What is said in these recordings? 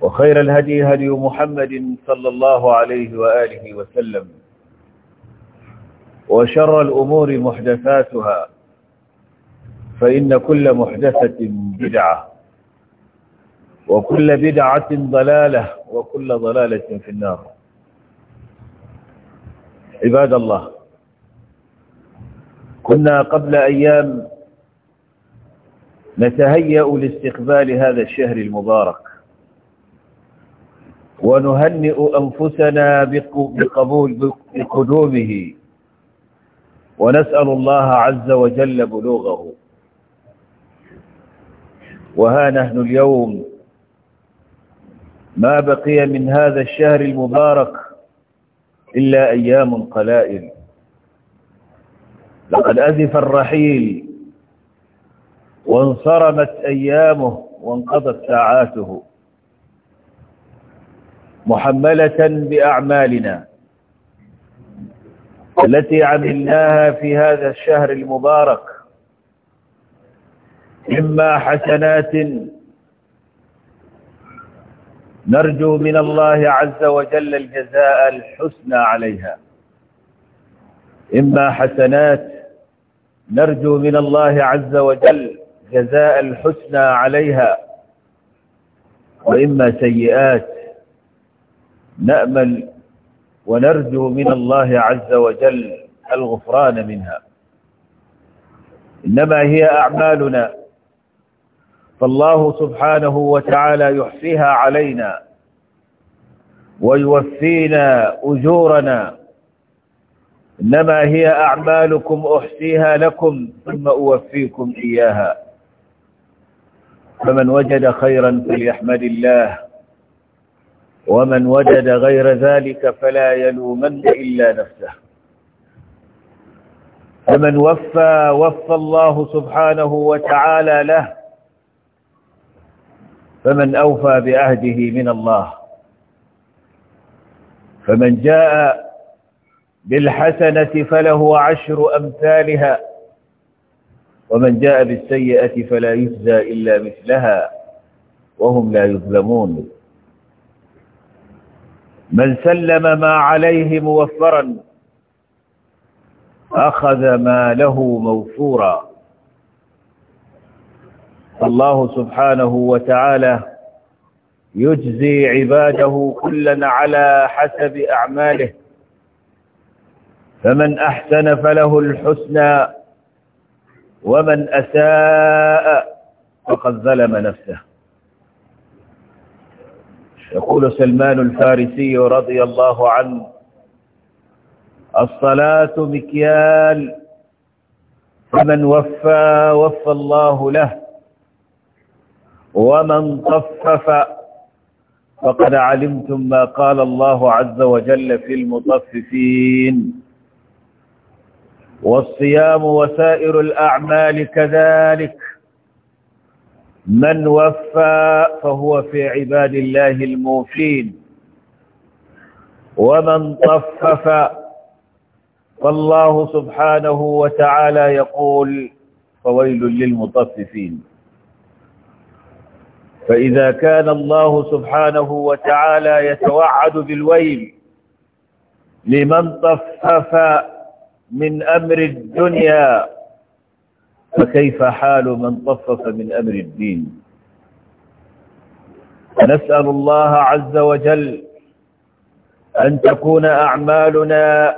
وخير الهدي هدي محمد صلى الله عليه وآله وسلم وشر الأمور محدثاتها فإن كل محدثة بدعة وكل بدعة ضلالة وكل ضلالة في النار عباد الله كنا قبل أيام نتهيأ لاستقبال هذا الشهر المبارك ونهنئ أنفسنا بقبول بقدومه ونسأل الله عز وجل بلوغه وها نحن اليوم ما بقي من هذا الشهر المبارك إلا أيام قلائل لقد أزف الرحيل وانصرمت أيامه وانقضت ساعاته محملة بأعمالنا التي عملناها في هذا الشهر المبارك إما حسنات نرجو من الله عز وجل الجزاء الحسنى عليها إما حسنات نرجو من الله عز وجل جزاء الحسنى عليها وإما سيئات نأمل ونرجو من الله عز وجل الغفران منها إنما هي أعمالنا فالله سبحانه وتعالى يحصيها علينا ويوفينا أجورنا إنما هي أعمالكم أحصيها لكم ثم أوفيكم إياها فمن وجد خيرا فليحمد الله ومن وجد غير ذلك فلا يلومن إلا نفسه فمن وفى وفى الله سبحانه وتعالى له فمن أوفى بعهده من الله فمن جاء بالحسنة فله عشر أمثالها ومن جاء بالسيئة فلا يجزى إلا مثلها وهم لا يظلمون من سلم ما عليه موفرا أخذ ما له موفورا الله سبحانه وتعالى يجزي عباده كلا على حسب أعماله فمن أحسن فله الحسنى ومن أساء فقد ظلم نفسه يقول سلمان الفارسي رضي الله عنه الصلاة مكيال فمن وفى وفى الله له ومن طفف فقد علمتم ما قال الله عز وجل في المطففين والصيام وسائر الأعمال كذلك من وفى فهو في عباد الله الموفين ومن طفف فالله سبحانه وتعالى يقول فويل للمطففين فإذا كان الله سبحانه وتعالى يتوعد بالويل لمن طفف من أمر الدنيا فكيف حال من طفف من أمر الدين نسأل الله عز وجل أن تكون أعمالنا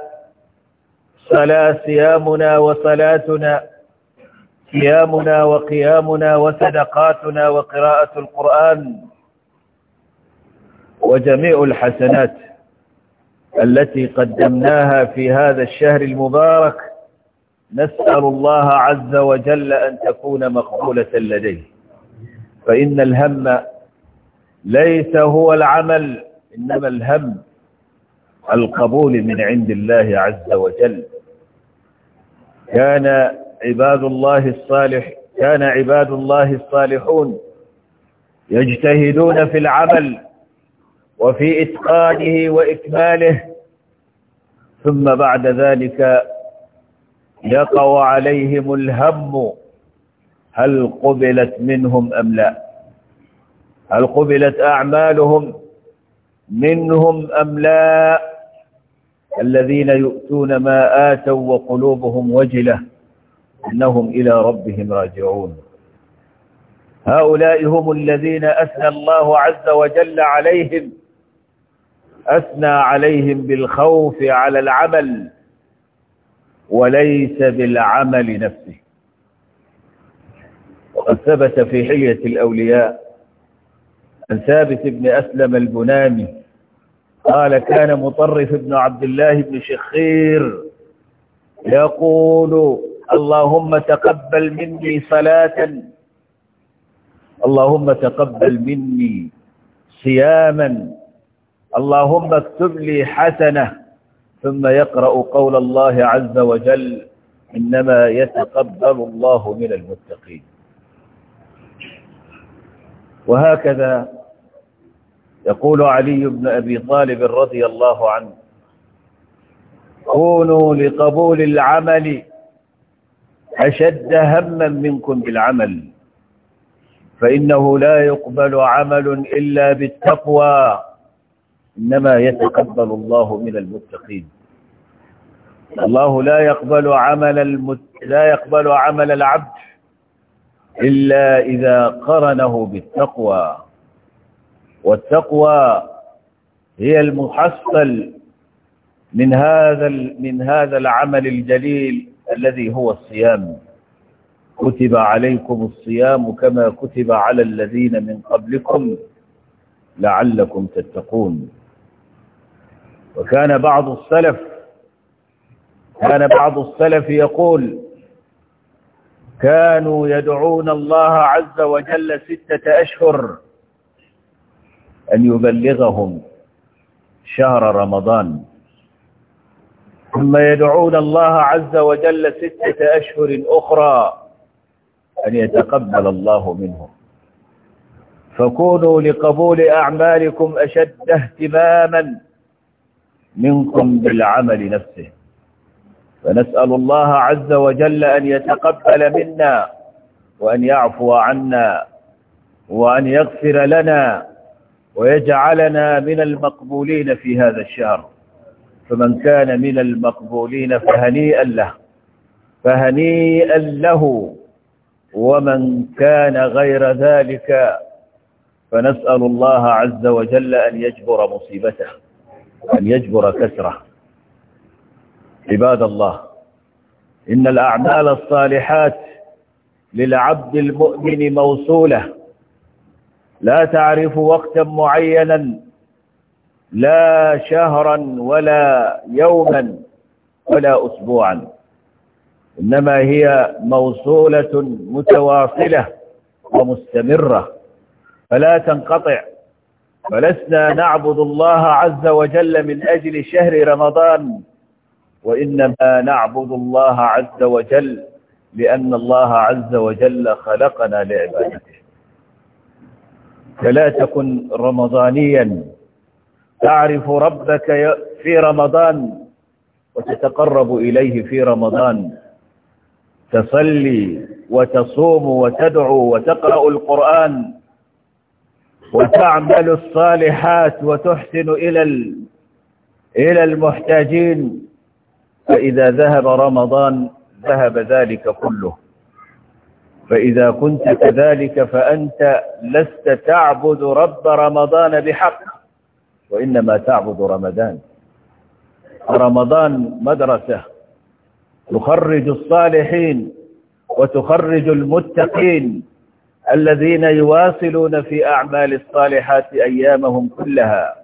صلاة صيامنا وصلاتنا صيامنا وقيامنا وصدقاتنا وقراءة القرآن وجميع الحسنات التي قدمناها في هذا الشهر المبارك نسأل الله عز وجل أن تكون مقبولة لديه فإن الهم ليس هو العمل إنما الهم القبول من عند الله عز وجل كان عباد الله الصالح كان عباد الله الصالحون يجتهدون في العمل وفي إتقانه وإكماله ثم بعد ذلك يقع عليهم الهم هل قبلت منهم أم لا هل قبلت أعمالهم منهم أم لا الذين يؤتون ما آتوا وقلوبهم وجلة أنهم إلى ربهم راجعون هؤلاء هم الذين أثنى الله عز وجل عليهم أثنى عليهم بالخوف على العمل وليس بالعمل نفسه وقد ثبت في حلية الأولياء عن ثابت بن أسلم البنامي قال كان مطرف بن عبد الله بن شخير يقول اللهم تقبل مني صلاة اللهم تقبل مني صياما اللهم اكتب لي حسنة ثم يقرأ قول الله عز وجل إنما يتقبل الله من المتقين وهكذا يقول علي بن أبي طالب رضي الله عنه كونوا لقبول العمل أشد هما منكم بالعمل فإنه لا يقبل عمل إلا بالتقوى إنما يتقبل الله من المتقين الله لا يقبل عمل المت... لا يقبل عمل العبد إلا إذا قرنه بالتقوى والتقوى هي المحصل من هذا من هذا العمل الجليل الذي هو الصيام كتب عليكم الصيام كما كتب على الذين من قبلكم لعلكم تتقون وكان بعض السلف كان بعض السلف يقول كانوا يدعون الله عز وجل ستة أشهر أن يبلغهم شهر رمضان ثم يدعون الله عز وجل ستة أشهر أخرى أن يتقبل الله منهم فكونوا لقبول أعمالكم أشد اهتماما منكم بالعمل نفسه فنسأل الله عز وجل أن يتقبل منا وأن يعفو عنا وأن يغفر لنا ويجعلنا من المقبولين في هذا الشهر فمن كان من المقبولين فهنيئا له فهنيئا له ومن كان غير ذلك فنسأل الله عز وجل أن يجبر مصيبته أن يجبر كسره عباد الله إن الأعمال الصالحات للعبد المؤمن موصولة لا تعرف وقتا معينا لا شهرا ولا يوما ولا أسبوعا إنما هي موصولة متواصلة ومستمرة فلا تنقطع فلسنا نعبد الله عز وجل من أجل شهر رمضان وإنما نعبد الله عز وجل لأن الله عز وجل خلقنا لعبادته فلا تكن رمضانيا تعرف ربك في رمضان وتتقرب إليه في رمضان تصلي وتصوم وتدعو وتقرأ القرآن وتعمل الصالحات وتحسن إلى إلى المحتاجين فإذا ذهب رمضان ذهب ذلك كله فإذا كنت كذلك فأنت لست تعبد رب رمضان بحق وإنما تعبد رمضان رمضان مدرسة تخرج الصالحين وتخرج المتقين الذين يواصلون في أعمال الصالحات أيامهم كلها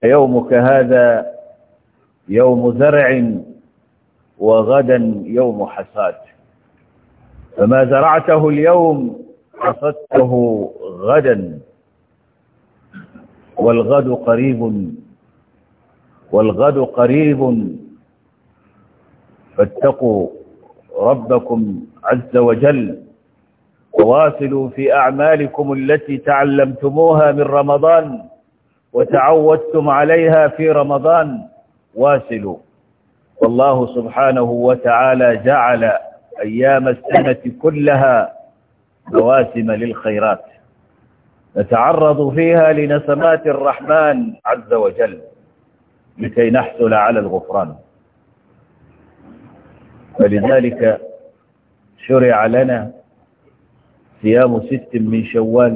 فيومك هذا يوم زرع وغدا يوم حصاد فما زرعته اليوم حصدته غدا والغد قريب والغد قريب فاتقوا ربكم عز وجل وواصلوا في أعمالكم التي تعلمتموها من رمضان وتعودتم عليها في رمضان واصلوا والله سبحانه وتعالى جعل أيام السنة كلها مواسم للخيرات نتعرض فيها لنسمات الرحمن عز وجل لكي نحصل على الغفران فلذلك شرع لنا صيام ست من شوال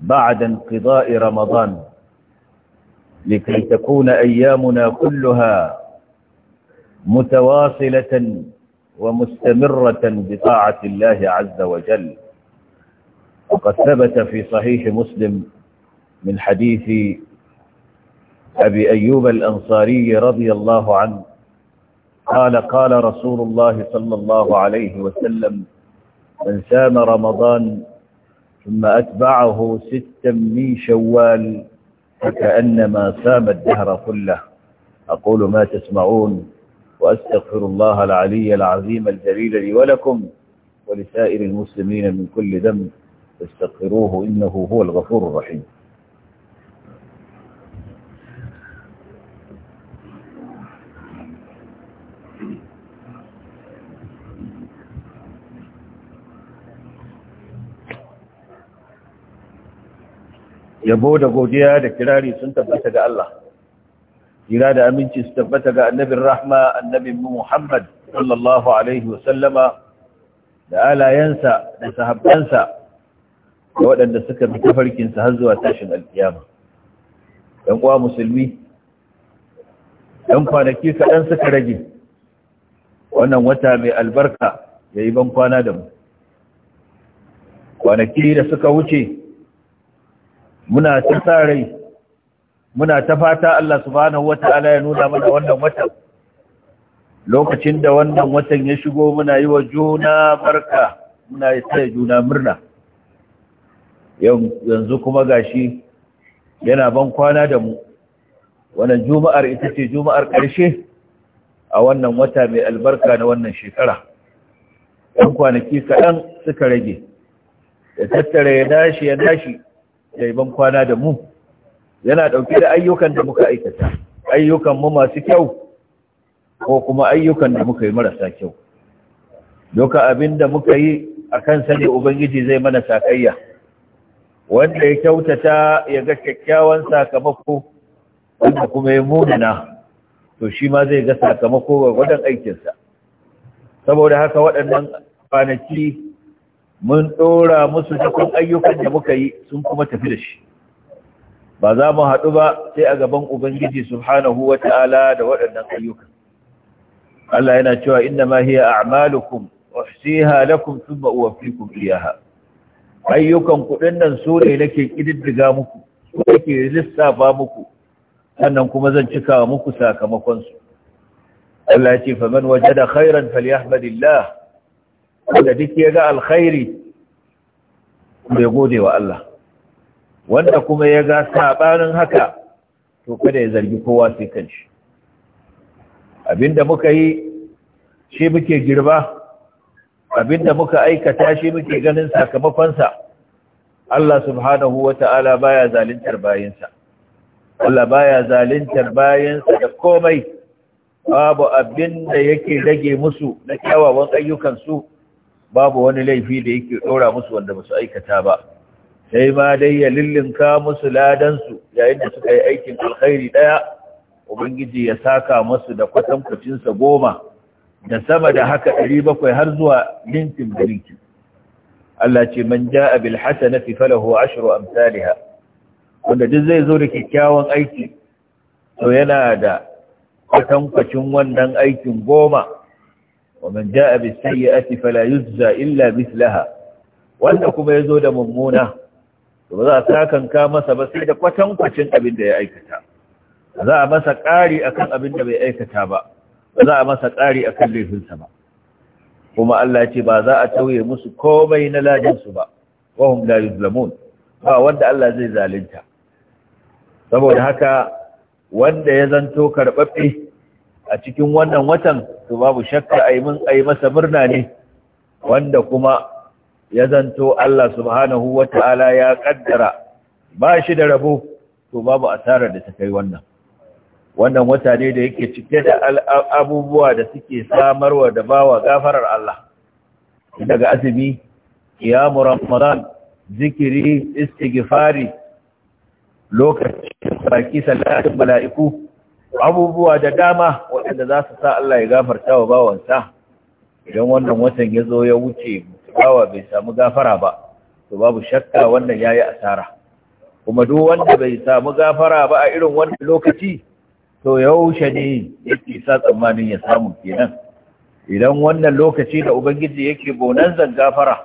بعد انقضاء رمضان لكي تكون أيامنا كلها متواصلة ومستمرة بطاعة الله عز وجل وقد ثبت في صحيح مسلم من حديث أبي أيوب الأنصاري رضي الله عنه قال قال رسول الله صلى الله عليه وسلم من سام رمضان ثم أتبعه ستا من شوال فكأنما سام الدهر كله أقول ما تسمعون وأستغفر الله العلي العظيم الجليل لي ولكم ولسائر المسلمين من كل ذنب فاستغفروه إنه هو الغفور الرحيم yabo da godiya da kirari sun tabbata ga Allah jira da aminci su tabbata ga annabin rahma annabin Muhammad sallallahu alaihi wasallama da alayensa da sahabbansa da waɗanda suka bi tafarkinsa har zuwa tashin alkiyama ɗan kuwa musulmi ɗan kwanaki kaɗan suka rage wannan wata mai albarka ya yi ban kwana da mu kwanaki da suka wuce muna ta rai muna ta fata Allah subhanahu wata'ala ya nuna mana wannan watan lokacin da wannan watan ya shigo muna yi wa juna barka muna yi ta juna murna yanzu kuma gashi yana ban kwana da mu wannan juma'ar ita ce juma'ar ƙarshe a wannan wata mai albarka na wannan shekara ɗan kwanaki kaɗan suka rage da tattara ya dashi ya dashi yayi kwana da mu yana ɗauke da ayyukan da muka aikata ayyukan mu masu kyau ko kuma ayyukan da muka yi marasa kyau doka abin da muka yi akan sani ubangiji zai mana sakayya wanda ya kyautata ya ga kyakkyawan sakamako wanda kuma ya munana to shi ma zai ga sakamako ga gwadon aikinsa saboda haka waɗannan kwanaki mun ɗora musu cikin ayyukan da muka yi sun kuma tafi da shi ba za mu haɗu ba sai a gaban ubangiji subhanahu wa ta'ala da waɗannan ayyukan Allah yana cewa inna ma hiya a'malukum uhsiha lakum thumma uwaffikum iyyaha ayyukan kuɗin nan su ne nake kididdiga muku nake lissafa muku sannan kuma zan cika muku sakamakon su Allah ya ce faman wajada khairan falyahmadillah wanda duk ya ga alkhairi bai gode wa Allah wanda kuma ya ga sabanin haka to kada ya zargi kowa sai abinda muka yi shi muke girba abinda muka aikata shi muke ganin sakamakonsa Allah subhanahu wata'ala baya zalintar bayansa. Allah baya zalintar bayansa da komai babu abinda yake rage musu na kyawawan ayyukansu babu wani laifi da yake ɗora musu wanda ba su aikata ba sai ma dai ya lillinka musu ladansu yayin da suka yi aikin alkhairi ɗaya ubangiji ya saka musu da kwatankwacinsa goma da sama da haka ɗari bakwai har zuwa lintin da linkin. Allah ce man ja a na fi falahu ashru amsaliha wanda duk zai zo da kyakkyawan aiki to yana da kwatankwacin wannan aikin goma ومن جاء بالسيئة فلا يجزى illa مثلها wanda kuma ya zo da mummuna to ba za a sakanka masa ba sai da kwatankwacin abin da ya aikata ba za a masa ƙari akan abin da bai aikata ba ba za a masa ƙari akan laifinsa ba kuma Allah ce ba za a tauye musu komai na su ba wahum la yuzlamun ba wanda Allah zai zalunta saboda haka wanda ya zanto karɓaɓɓe a cikin wannan watan to babu shakka a yi masa murna ne wanda kuma ya zanto Allah subhanahu wa ta'ala ya kaddara ba shi da rabo to babu asarar da ta kai wannan wannan wata ne da yake cike da abubuwa da suke samarwa da bawa gafarar Allah daga azumi qiyamu ramadan zikiri istighfari lokacin baki sallatin mala'iku abubuwa da dama waɗanda za su sa Allah ya gafarta wa bawansa idan wannan watan ya zo ya wuce bawa bai samu gafara ba to babu shakka wannan ya yi asara kuma duk wanda bai samu gafara ba a irin wannan lokaci to yaushe ne yake sa tsammanin ya samu kenan idan wannan lokaci da ubangiji yake zan gafara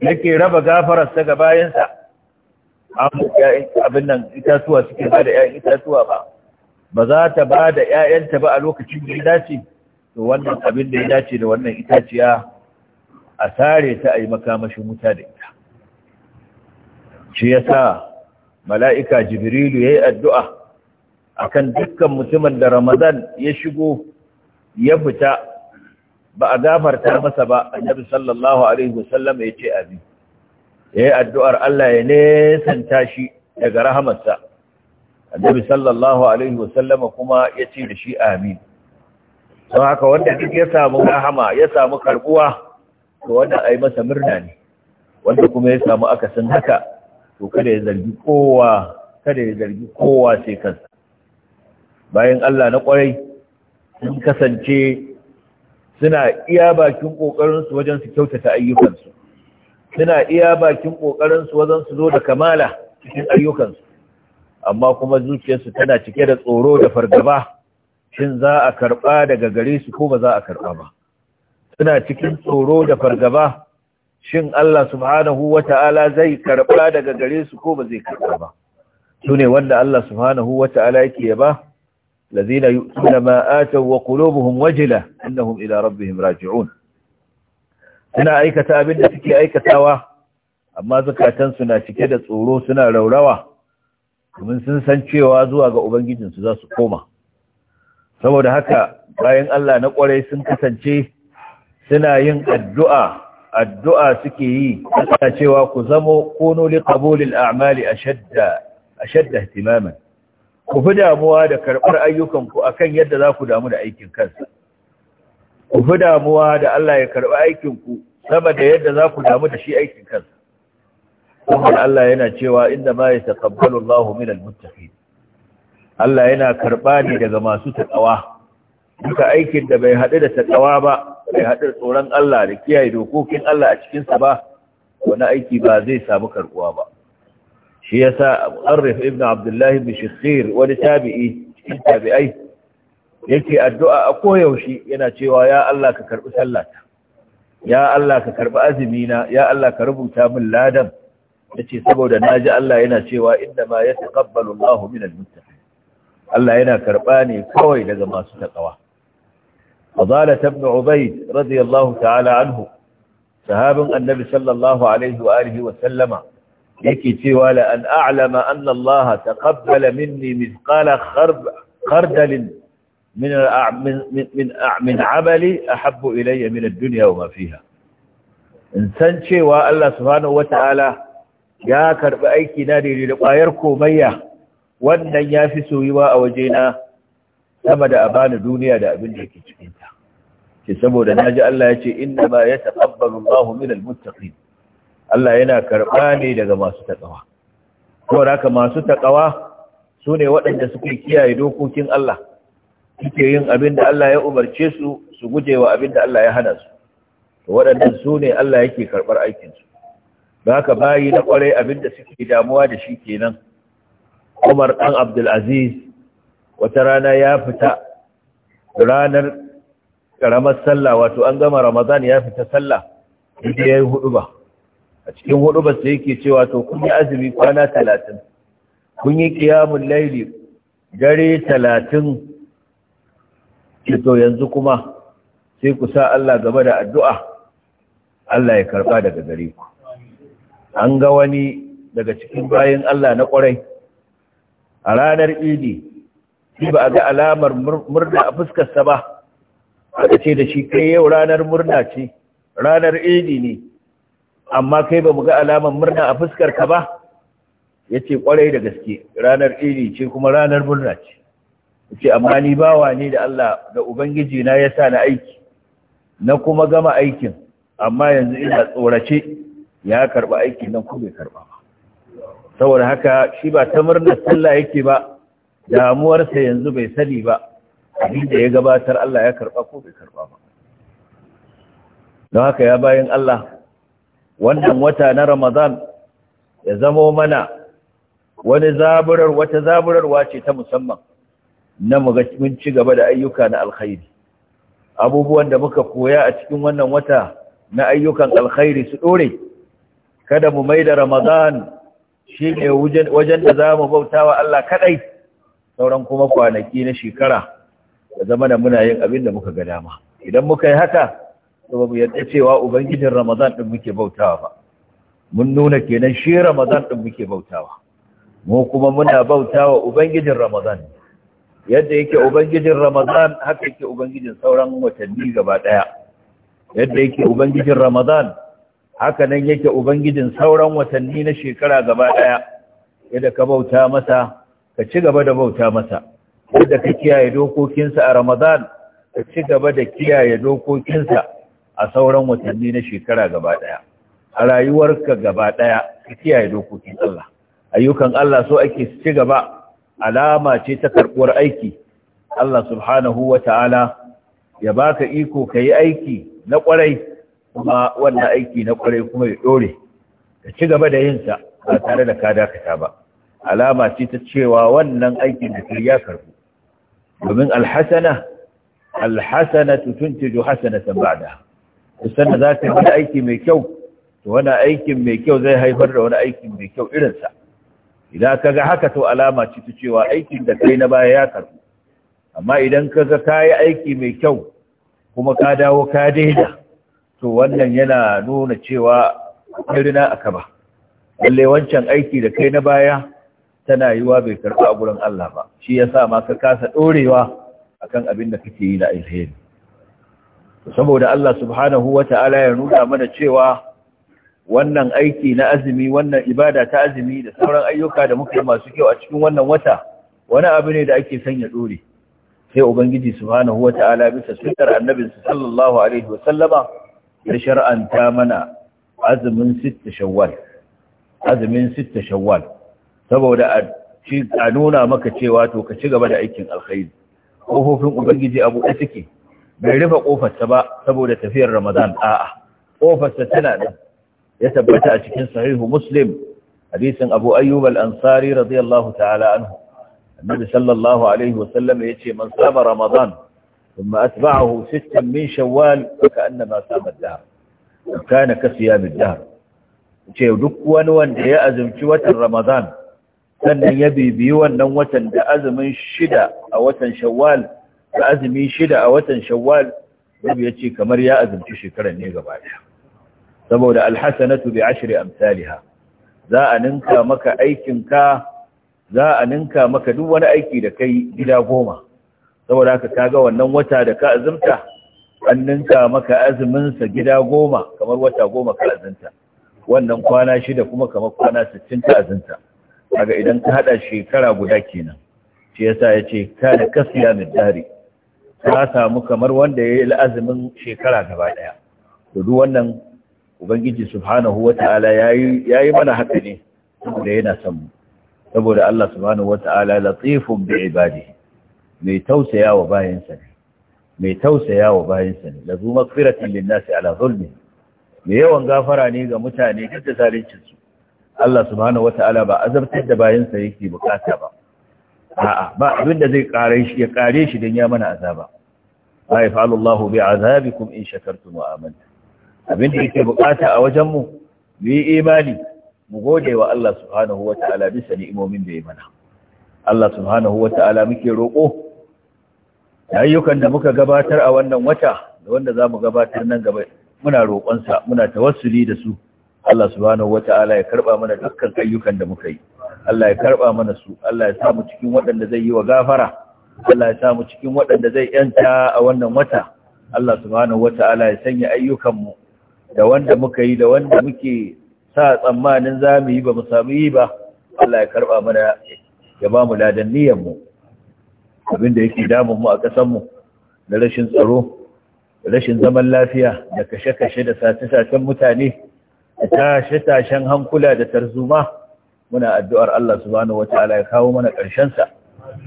yake raba ta ga bayansa abin nan itatuwa suke ba da ‘ya'yan itatuwa ba ba za ta ba da ‘ya'yanta ba a lokacin da ya dace, to wannan abin da ya dace da wannan itaciya a sare ta a yi makamashin wuta da ita. Shi ya sa mala'ika Jibrilu ya yi addu'a a kan dukkan mutumin da Ramadan ya shigo ya fita ba a gafarta masa ba, annabi sallallahu Alaihi wasallam ya ce abi. Ya yi addu'ar Allah ya nesanta shi daga rahamarsa. annabi sallallahu alaihi wasallama kuma ya ce da shi amin don haka wanda duk ya samu rahama ya samu karbuwa to wannan ai masa murna ne wanda kuma ya samu akasin haka to kada ya zargi kowa kada ya zargi kowa sai kansa bayan Allah na kwarai sun kasance suna iya bakin kokarinsu wajen su kyautata ayyukansu suna iya bakin kokarinsu wajen su zo da kamala cikin ayyukansu amma kuma zuciyarsu tana cike da tsoro da fargaba shin za a karɓa daga gare su ko ba za a karɓa ba suna cikin tsoro da fargaba shin Allah subhanahu wata'ala zai karɓa daga gare su ko ba zai karɓa ba su ne wanda Allah subhanahu wata'ala yake ba? lazina yu'tuna ma ataw wa qulubuhum wajila annahum ila rabbihim raji'un suna aikata abin da suke aikatawa amma zakatansu na cike da tsoro suna raurawa domin sun san cewa zuwa ga ubangijinsu za su koma saboda haka bayan Allah na ƙwarai sun kasance suna yin addu'a addu'a suke yi suna cewa ku zamo kono li a'mali a shadda timamin. ku fi damuwa da karɓar ayyukanku a kan yadda za ku damu da aikin kansa ku fi damuwa da Allah ya karɓi aikinku sama da yadda za ku damu da shi aikin kansa kuma Allah yana cewa inda ma yataqabbalu min al muttaqin Allah yana karba ne daga masu takawa duka aikin da bai hadu da takawa ba bai hadu da tsoron Allah da kiyaye dokokin Allah a cikin sa ba wani aiki ba zai samu karbuwa ba shi yasa Arif ibn Abdullah ibn Shikhir wani tabi'i cikin tabi'ai yake addu'a a koyaushe yana cewa ya Allah ka karbi sallata ya Allah ka karbi azumina ya Allah ka rubuta min ladan yace saboda naji Allah yana cewa inda ma yataqabbalu min al muttaqin Allah yana karba ne kawai daga masu takawa Fadala ibn Ubayd radiyallahu ta'ala anhu sahabin Annabi sallallahu alaihi wa alihi wa sallama yake cewa la an a'lama anna Allah taqabbala minni mithqala khardal من من من من عملي احب الي من الدنيا وما فيها in san cewa Allah subhanahu wataala ya karɓi aiki na daidai da ƙwayar komayya wannan ya fi soyuwa a waje na, sama da a bani duniya da abin da ke cikinta Ke saboda na ji Allah ya ce inda ba ya taɓabbar mahu min almuttaqin Allah yana karɓa ne daga masu taƙawa saboda haka masu taƙawa su ne waɗanda suke kiyaye dokokin Allah suke yin abin da Allah ya umarce su su guje wa abin da Allah ya hana su to waɗannan su ne Allah yake karɓar aikinsu ba ka bayi na kwarai abin da suke damuwa da shi kenan umar ɗan abdulaziz wata rana ya fita ranar ƙaramar sallah wato an gama ramadan ya fita sallah inda ya yi hudu ba a cikin hudu ba sai yake cewa wato kun yi azumi kwana talatin kun yi kiyamun laili dare talatin to yanzu kuma sai ku sa Allah gaba da addu'a Allah ya karɓa daga gare ku an ga wani daga cikin bayan Allah na ƙwarai a ranar idi shi ba a ga alamar murna a fuskarsa ba A ce da shi kai yau ranar murna ce ranar idi ne amma kai ba mu ga alamar murna a fuskarka ba ya ce ƙwarai da gaske ranar idi ce kuma ranar murna ce ya ce amma ni bawa ne da Allah da Ubangiji na ya sa na aiki na kuma gama aikin amma yanzu ina tsorace ya karba aiki nan ko bai karba ba saboda haka shi ba ta murnar sallah yake ba damuwarsa yanzu bai sani ba abin da ya gabatar Allah ya karba ko bai karba ba don haka ya bayan Allah wannan wata na Ramadan ya zamo mana wani zaburar wata zaburarwa ce ta musamman na mun ci gaba da ayyuka na alkhairi abubuwan da muka koya a cikin wannan wata na ayyukan alkhairi su dore kada mu mai da ramadan shi ne wajen da za mu bauta wa Allah kaɗai sauran kuma kwanaki na shekara da zama da muna yin abin da muka ga dama idan muka yi haka to ba mu yarda cewa ubangijin ramadan ɗin muke bautawa ba mun nuna kenan shi ramadan din muke bautawa mu kuma muna bautawa ubangijin ramadan yadda yake ubangijin ramadan haka yake ubangijin sauran watanni gaba ɗaya yadda yake ubangijin ramadan haka nan yake ubangijin sauran watanni na shekara gaba daya yadda ka bauta masa ka ci gaba da bauta masa yadda ka kiyaye dokokinsa a ramadan ka ci gaba da kiyaye dokokinsa a sauran watanni na shekara gaba daya a rayuwarka gaba daya ka kiyaye dokokin Allah ayyukan Allah so ake ci gaba alama ce ta karbuwar aiki Allah subhanahu wa ta'ala ya baka iko kai aiki na kwarai kuma wannan aiki na kwarai kuma ya dore ka ci gaba da yin sa ba tare da ka dakata ba alama ce ta cewa wannan aikin da kai ya karbu domin alhasana alhasanatu tuntiju hasanatan ba'da da za ta yi wani aiki mai kyau to wani aikin mai kyau zai haifar da wani aiki mai kyau irinsa idan ka ga haka to alama ce ta cewa aikin da kai na baya ya karbu amma idan ka ga ka aiki mai kyau kuma ka dawo ka daida to wannan yana nuna cewa kirina aka ba lalle wancan aiki da kai na baya tana yiwa bai karɓa a gurin Allah ba shi yasa ma ka kasa ɗorewa akan abin da kake yi da alheri saboda Allah subhanahu wata'ala ya nuna mana cewa wannan aiki na azumi wannan ibada ta azumi da sauran ayyuka da muka yi masu kyau a cikin wannan wata wani abu ne da ake sanya ɗore. sai ubangiji subhanahu wata'ala bisa sunnar annabinsa sallallahu alaihi wa sallama ya shar'anta mana azumin sitta shawwal azumin shawwal saboda a nuna maka cewa to ka ci gaba da aikin alkhairi kofofin ubangiji abu da take bai rufe kofarsa ba saboda tafiyar ramadan a'a kofarsa tana da ya tabbata a cikin sahihu muslim hadisin abu ayyub al-ansari radiyallahu ta'ala anhu annabi sallallahu alaihi wasallam yace man sama ramadan ثم أتبعه ستا من شوال فكأنما صام الدهر وكان كصيام الدهر ce duk wani wanda ya azumci watan Ramadan sannan ya bibiyi wannan watan da azumin shida a watan Shawwal da azumi shida a watan Shawwal Nabi ya ce kamar ya azumci shekarar ne gaba saboda Alhassanatu bi ashri amsalha za a ninka za a ninka maka duk wani aiki da kai gida goma saboda haka ga wannan wata da ka azumta an ninka maka azumin sa gida goma kamar wata goma ka azumta wannan kwana shida kuma kamar kwana 60 ka azumta kaga idan ka hada shekara guda kenan shi yasa yace da kasiya min dari ka samu kamar wanda yayi azumin shekara gaba daya to duk wannan ubangiji subhanahu wataala yayi yayi mana haka ne saboda yana son mu saboda Allah subhanahu wataala latifun bi ibadihi mai tausaya wa bayansa ne mai tausaya wa bayansa ne da zuma linnasi ala zulmi mai yawan gafara ne ga mutane duk da su? Allah subhanahu wata'ala ba azabtar da bayansa yake bukata ba a'a ba abin da zai kare shi ya kare shi dan ya mana azaba ai fa Allahu bi azabikum in shakartum wa amantum abin da yake bukata a wajen mu mu yi imani mu gode wa Allah subhanahu wata'ala bisa ni'imomin da ya mana Allah subhanahu wa ta'ala muke roƙo ayyukan da muka gabatar a wannan wata da wanda za mu gabatar nan gaba muna roƙonsa muna tawassuli da su Allah subhanahu wata'ala ya karɓa mana dukkan ayyukan da muka yi Allah ya karɓa mana su Allah ya samu cikin waɗanda zai yi wa gafara Allah ya samu cikin waɗanda zai yanta a wannan wata Allah subhanahu wata'ala ya sanya ayyukanmu da wanda muka yi da wanda muke sa tsammanin za mu yi ba mu samu yi ba Allah ya karɓa mana ya ba mu ladan mu. abin da yake damun mu a ƙasanmu da rashin tsaro rashin zaman lafiya da kashe-kashe da sace-sacen mutane da tashe-tashen hankula da tarzuma muna addu'ar Allah subhanahu wa ta'ala ya kawo mana ƙarshensa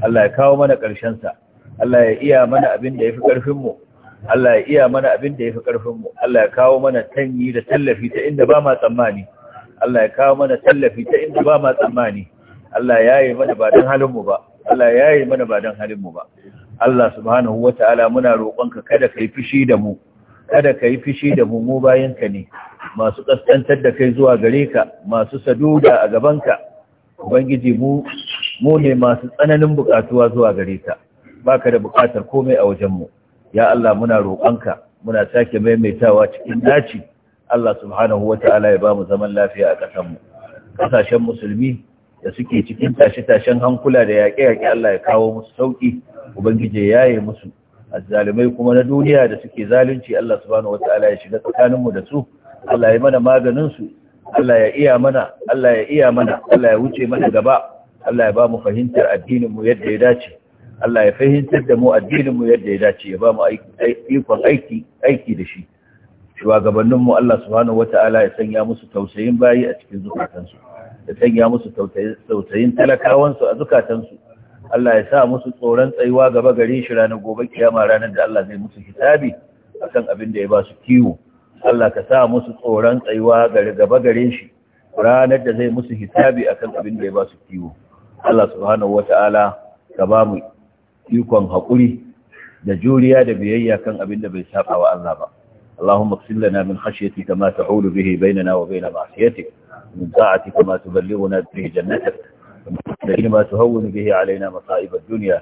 Allah ya kawo mana ƙarshensa Allah ya iya mana abin da ya fi ƙarfinmu Allah ya iya mana abin da ya fi ƙarfinmu Allah ya kawo mana tanyi da tallafi ta inda ba ma tsammani Allah ya kawo mana tallafi ta inda ba ma tsammani Allah ya yi mana ba don halinmu ba Allah ya yi mana ba don halin ba Allah subhanahu ta'ala muna roƙonka kada ka yi fishi da mu kada ka yi fishi da mu mu bayanka ne masu ƙasƙantar da kai zuwa gare ka masu saduda a gabanka ubangiji mu ne masu tsananin buƙatuwa zuwa gare ka baka da buƙatar komai a wajenmu. ya Allah muna roƙonka muna sake maimaitawa cikin daci Allah subhanahu ta'ala ya ba mu zaman lafiya a ƙasanmu. ƙasashen musulmi da suke cikin tashe-tashen hankula da yaƙe-yaƙe Allah ya kawo musu sauƙi ubangiji ya yi musu azzalimai kuma na duniya da suke zalunci Allah subhanahu wataala ya shiga tsakaninmu da su Allah ya mana maganinsu, Allah ya iya mana Allah ya iya mana Allah ya wuce mana gaba Allah ya ba mu fahimtar addininmu yadda ya dace Allah ya fahimtar da mu addinin mu yadda ya dace ya ba mu ikon aiki aiki da shi shugabanninmu Allah subhanahu ya sanya musu tausayin bayi a cikin zukatansu da sanya musu tausayin talakawansu a zukatansu Allah ya sa musu tsoron tsayuwa gaba gari shi ranar gobe kiyama ranar da Allah zai musu hisabi akan abin da ya ba su kiwo Allah ka sa musu tsoron tsayuwa gaba gare shi ranar da zai musu hisabi akan abin da ya ba su kiwo Allah subhanahu wata'ala ka ba mu ikon hakuri da juriya da biyayya kan abin da bai saba wa Allah ba qsil lana min من خشيتك ta'ulu bihi bainana wa وبين معصيتك من طاعتك ما تبلغنا به جنتك ومن ما تهون به علينا مصائب الدنيا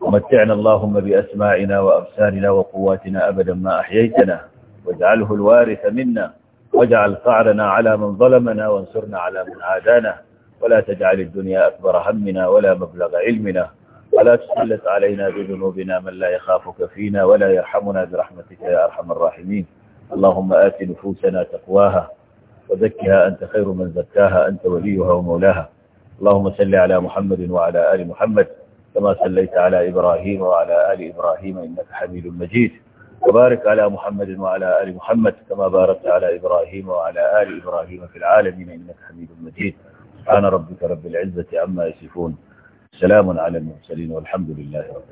ومتعنا اللهم بأسماعنا وأبصارنا وقواتنا أبدا ما أحييتنا واجعله الوارث منا واجعل قعرنا على من ظلمنا وانصرنا على من عادانا ولا تجعل الدنيا أكبر همنا ولا مبلغ علمنا ولا تسلط علينا بذنوبنا من لا يخافك فينا ولا يرحمنا برحمتك يا أرحم الراحمين اللهم آت نفوسنا تقواها وزكها أنت خير من زكاها أنت وليها ومولاها اللهم صل على محمد وعلى آل محمد كما صليت على إبراهيم وعلى آل إبراهيم إنك حميد مجيد وبارك على محمد وعلى آل محمد كما باركت على إبراهيم وعلى آل إبراهيم في العالمين إنك حميد مجيد سبحان ربك رب العزة عما يصفون سلام على المرسلين والحمد لله رب